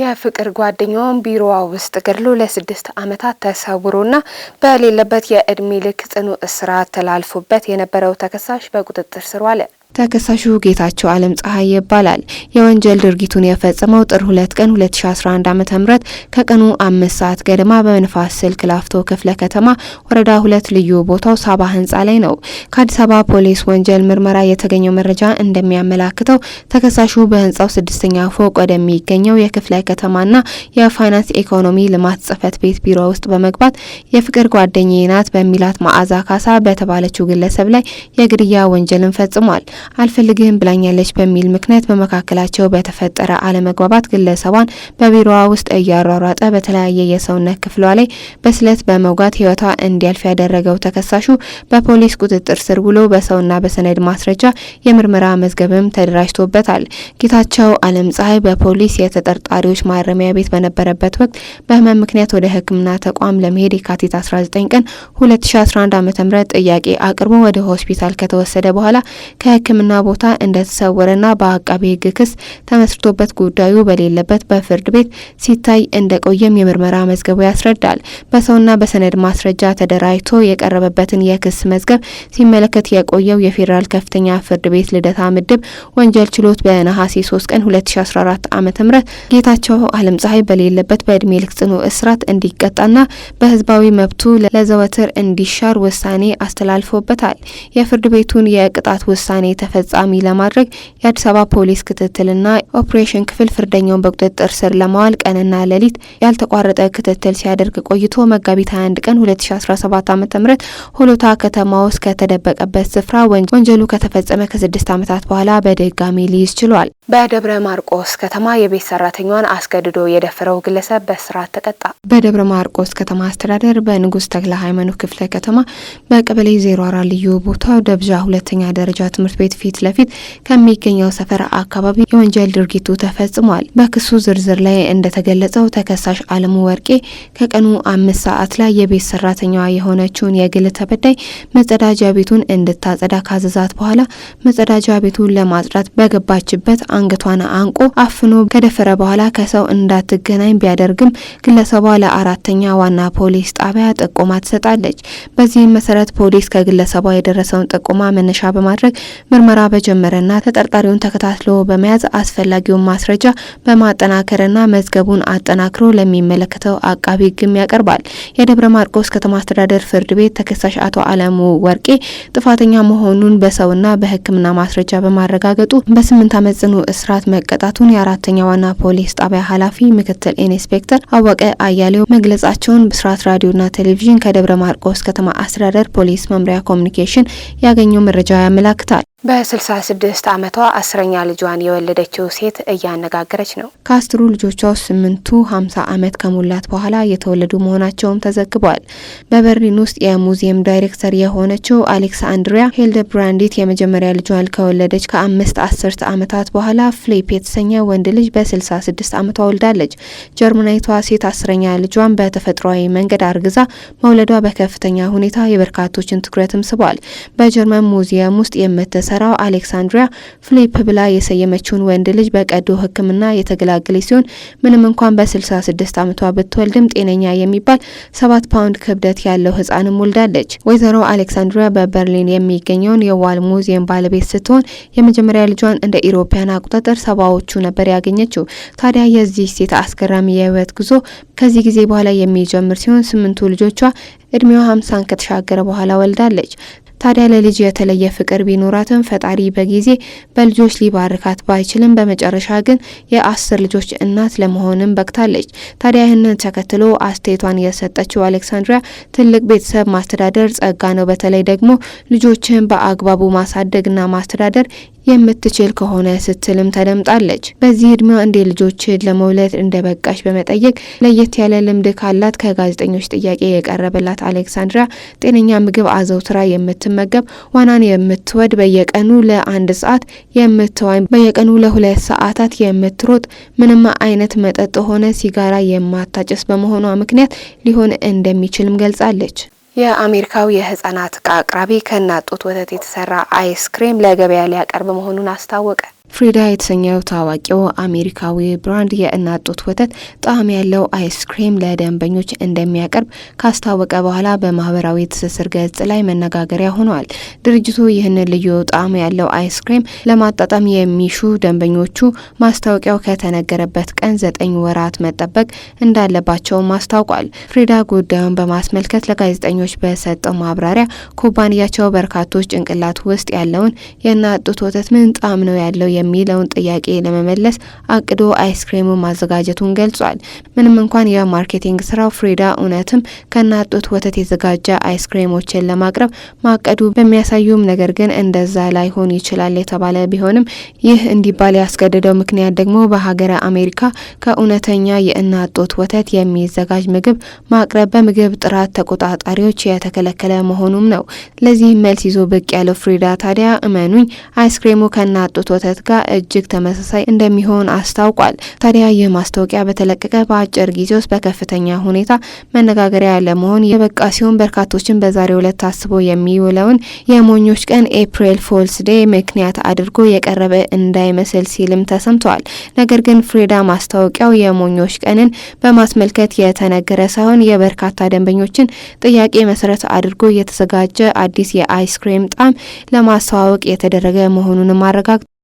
የፍቅር ጓደኛውን ቢሮዋ ውስጥ ገድሎ ለስድስት ዓመታት ተሰውሮና በሌለበት የእድሜ ልክ ጽኑ እስራት ተላልፎበት የነበረው ተከሳሽ በቁጥጥር ስር ዋለ። ተከሳሹ ጌታቸው አለም ፀሐይ ይባላል። የወንጀል ድርጊቱን የፈጸመው ጥር ሁለት ቀን 2011 ዓ.ም ከቀኑ አምስት ሰዓት ገደማ በንፋስ ስልክ ላፍቶ ክፍለ ከተማ ወረዳ ሁለት ልዩ ቦታው ሳባ ህንጻ ላይ ነው። ከአዲስ አበባ ፖሊስ ወንጀል ምርመራ የተገኘው መረጃ እንደሚያመላክተው ተከሳሹ በህንጻው ስድስተኛ ፎቅ ወደሚገኘው የክፍለ ከተማና የፋይናንስ ኢኮኖሚ ልማት ጽህፈት ቤት ቢሮ ውስጥ በመግባት የፍቅር ጓደኛ ናት በሚላት መዓዛ ካሳ በተባለችው ግለሰብ ላይ የግድያ ወንጀልን ፈጽሟል። አልፈልግህም ብላኛለች በሚል ምክንያት በመካከላቸው በተፈጠረ አለመግባባት ግለሰቧን በቢሮዋ ውስጥ እያሯሯጠ በተለያየ የሰውነት ክፍሏ ላይ በስለት በመውጋት ህይወቷ እንዲያልፍ ያደረገው ተከሳሹ በፖሊስ ቁጥጥር ስር ውሎ በሰውና በሰነድ ማስረጃ የምርመራ መዝገብም ተደራጅቶበታል። ጌታቸው አለም ፀሐይ በፖሊስ የተጠርጣሪዎች ማረሚያ ቤት በነበረበት ወቅት በህመም ምክንያት ወደ ሕክምና ተቋም ለመሄድ የካቲት 19 ቀን 2011 ዓ.ም ጥያቄ አቅርቦ ወደ ሆስፒታል ከተወሰደ በኋላ ከህክ የሕክምና ቦታ እንደተሰወረና በአቃቤ ሕግ ክስ ተመስርቶበት ጉዳዩ በሌለበት በፍርድ ቤት ሲታይ እንደቆየም የምርመራ መዝገቡ ያስረዳል። በሰውና በሰነድ ማስረጃ ተደራጅቶ የቀረበበትን የክስ መዝገብ ሲመለከት የቆየው የፌዴራል ከፍተኛ ፍርድ ቤት ልደታ ምድብ ወንጀል ችሎት በነሐሴ 3 ቀን 2014 ዓ.ም ጌታቸው አለም ፀሐይ በሌለበት በእድሜ ልክ ጽኑ እስራት እንዲቀጣና በህዝባዊ መብቱ ለዘወትር እንዲሻር ውሳኔ አስተላልፎበታል። የፍርድ ቤቱን የቅጣት ውሳኔ ተፈጻሚ ለማድረግ የአዲስ አበባ ፖሊስ ክትትልና ኦፕሬሽን ክፍል ፍርደኛውን በቁጥጥር ስር ለማዋል ቀንና ሌሊት ያልተቋረጠ ክትትል ሲያደርግ ቆይቶ መጋቢት 21 ቀን 2017 ዓ.ም ሆሎታ ከተማ ውስጥ ከተደበቀበት ስፍራ ወንጀሉ ከተፈጸመ ከስድስት ዓመታት በኋላ በድጋሚ ሊይዝ ችሏል። በደብረ ማርቆስ ከተማ የቤት ሰራተኛዋን አስገድዶ የደፈረው ግለሰብ በእስራት ተቀጣ። በደብረ ማርቆስ ከተማ አስተዳደር በንጉሥ ተክለ ሃይማኖት ክፍለ ከተማ በቀበሌ 04 ልዩ ቦታ ደብዣ ሁለተኛ ደረጃ ትምህርት ቤት ቤት ፊት ለፊት ከሚገኘው ሰፈር አካባቢ የወንጀል ድርጊቱ ተፈጽሟል። በክሱ ዝርዝር ላይ እንደተገለጸው ተከሳሽ አለሙ ወርቄ ከቀኑ አምስት ሰዓት ላይ የቤት ሰራተኛዋ የሆነችውን የግል ተበዳይ መጸዳጃ ቤቱን እንድታጸዳ ካዘዛት በኋላ መጸዳጃ ቤቱን ለማጽዳት በገባችበት አንገቷን አንቆ አፍኖ ከደፈረ በኋላ ከሰው እንዳትገናኝ ቢያደርግም ግለሰቧ ለአራተኛ ዋና ፖሊስ ጣቢያ ጥቆማ ትሰጣለች። በዚህም መሰረት ፖሊስ ከግለሰቧ የደረሰውን ጥቆማ መነሻ በማድረግ ምርመራ በጀመረና ተጠርጣሪውን ተከታትሎ በመያዝ አስፈላጊውን ማስረጃ በማጠናከርና መዝገቡን አጠናክሮ ለሚመለከተው አቃቢ ሕግም ያቀርባል። የደብረ ማርቆስ ከተማ አስተዳደር ፍርድ ቤት ተከሳሽ አቶ አለሙ ወርቄ ጥፋተኛ መሆኑን በሰውና በሕክምና ማስረጃ በማረጋገጡ በስምንት ዓመት ጽኑ እስራት መቀጣቱን የአራተኛ ዋና ፖሊስ ጣቢያ ኃላፊ ምክትል ኢንስፔክተር አወቀ አያሌው መግለጻቸውን ብስራት ራዲዮና ቴሌቪዥን ከደብረ ማርቆስ ከተማ አስተዳደር ፖሊስ መምሪያ ኮሚኒኬሽን ያገኘው መረጃ ያመላክታል። በ66 ዓመቷ አስረኛ ልጇን የወለደችው ሴት እያነጋገረች ነው። ከአስሩ ልጆቿ ውስጥ ስምንቱ 50 ዓመት ከሞላት በኋላ የተወለዱ መሆናቸውም ተዘግቧል። በበርሊን ውስጥ የሙዚየም ዳይሬክተር የሆነችው አሌክስ አንድሪያ ሄልደብራንዲት የመጀመሪያ ልጇን ከወለደች ከአምስት አስርት ዓመታት በኋላ ፍሊፕ የተሰኘ ወንድ ልጅ በ66 ዓመቷ ወልዳለች። ጀርመናዊቷ ሴት አስረኛ ልጇን በተፈጥሯዊ መንገድ አርግዛ መውለዷ በከፍተኛ ሁኔታ የበርካቶችን ትኩረትም ስቧል። በጀርመን ሙዚየም ውስጥ የምት። የምትሰራው አሌክሳንድሪያ ፍሊፕ ብላ የሰየመችውን ወንድ ልጅ በቀዶ ሕክምና የተገላገለች ሲሆን ምንም እንኳን በ66 ዓመቷ ብትወልድም ጤነኛ የሚባል ሰባት ፓውንድ ክብደት ያለው ህጻንም ወልዳለች። ወይዘሮ አሌክሳንድሪያ በበርሊን የሚገኘውን የዋል ሙዚየም ባለቤት ስትሆን የመጀመሪያ ልጇን እንደ ኢሮፓያን አቆጣጠር ሰባዎቹ ነበር ያገኘችው። ታዲያ የዚህ ሴት አስገራሚ የህይወት ጉዞ ከዚህ ጊዜ በኋላ የሚጀምር ሲሆን ስምንቱ ልጆቿ እድሜዋ ሀምሳን ከተሻገረ በኋላ ወልዳለች። ታዲያ ለልጅ የተለየ ፍቅር ቢኖራትም ፈጣሪ በጊዜ በልጆች ሊባርካት ባይችልም በመጨረሻ ግን የአስር ልጆች እናት ለመሆንም በቅታለች። ታዲያ ይህንን ተከትሎ አስተያየቷን የሰጠችው አሌክሳንድሪያ ትልቅ ቤተሰብ ማስተዳደር ጸጋ ነው፣ በተለይ ደግሞ ልጆችን በአግባቡ ማሳደግና ማስተዳደር የምትችል ከሆነ ስትልም ተደምጣለች። በዚህ እድሜ እንዴ ልጆችን ለመውለድ በቃሽ በመጠየቅ ለየት ያለ ልምድ ካላት ከጋዜጠኞች ጥያቄ የቀረበላት አሌክሳንድራ ጤነኛ ምግብ አዘውትራ የምትመገብ፣ ዋናን የምትወድ፣ በየቀኑ ለአንድ ሰዓት የምትዋኝ፣ በየቀኑ ለሁለት ሰዓታት የምትሮጥ፣ ምንም አይነት መጠጥ ሆነ ሲጋራ የማታጨስ በመሆኗ ምክንያት ሊሆን እንደሚችልም ገልጻለች። የአሜሪካው የህጻናት እቃ አቅራቢ ከእናት ጡት ወተት የተሰራ አይስክሬም ለገበያ ሊያቀርብ መሆኑን አስታወቀ። ፍሪዳ የተሰኘው ታዋቂው አሜሪካዊ ብራንድ የእናት ጡት ወተት ጣዕም ያለው አይስክሬም ለደንበኞች እንደሚያቀርብ ካስታወቀ በኋላ በማህበራዊ ትስስር ገጽ ላይ መነጋገሪያ ሆነዋል። ድርጅቱ ይህንን ልዩ ጣዕም ያለው አይስክሬም ለማጣጣም የሚሹ ደንበኞቹ ማስታወቂያው ከተነገረበት ቀን ዘጠኝ ወራት መጠበቅ እንዳለባቸው አስታውቋል። ፍሪዳ ጉዳዩን በማስመልከት ለጋዜጠኞች በሰጠው ማብራሪያ ኩባንያቸው በርካቶች ጭንቅላት ውስጥ ያለውን የእናት ጡት ወተት ምን ጣዕም ነው ያለው የሚለውን ጥያቄ ለመመለስ አቅዶ አይስክሬሙ ማዘጋጀቱን ገልጿል። ምንም እንኳን የማርኬቲንግ ስራው ፍሬዳ እውነትም ከእናት ጡት ወተት የተዘጋጀ አይስክሬሞችን ለማቅረብ ማቀዱ በሚያሳዩም፣ ነገር ግን እንደዛ ላይሆን ይችላል የተባለ ቢሆንም ይህ እንዲባል ያስገደደው ምክንያት ደግሞ በሀገረ አሜሪካ ከእውነተኛ የእናት ጡት ወተት የሚዘጋጅ ምግብ ማቅረብ በምግብ ጥራት ተቆጣጣሪዎች የተከለከለ መሆኑም ነው። ለዚህ መልስ ይዞ ብቅ ያለው ፍሬዳ ታዲያ እመኑኝ አይስክሬሙ ከእናት ጡት ወተት ጋር እጅግ ተመሳሳይ እንደሚሆን አስታውቋል። ታዲያ ይህ ማስታወቂያ በተለቀቀ በአጭር ጊዜ ውስጥ በከፍተኛ ሁኔታ መነጋገሪያ ለመሆን የበቃ ሲሆን በርካቶችን በዛሬው ዕለት ታስቦ የሚውለውን የሞኞች ቀን ኤፕሪል ፎልስ ዴ ምክንያት አድርጎ የቀረበ እንዳይመስል ሲልም ተሰምተዋል። ነገር ግን ፍሬዳ ማስታወቂያው የሞኞች ቀንን በማስመልከት የተነገረ ሳይሆን የበርካታ ደንበኞችን ጥያቄ መሰረት አድርጎ የተዘጋጀ አዲስ የአይስክሬም ጣዕም ለማስተዋወቅ የተደረገ መሆኑንም አረጋግጧል።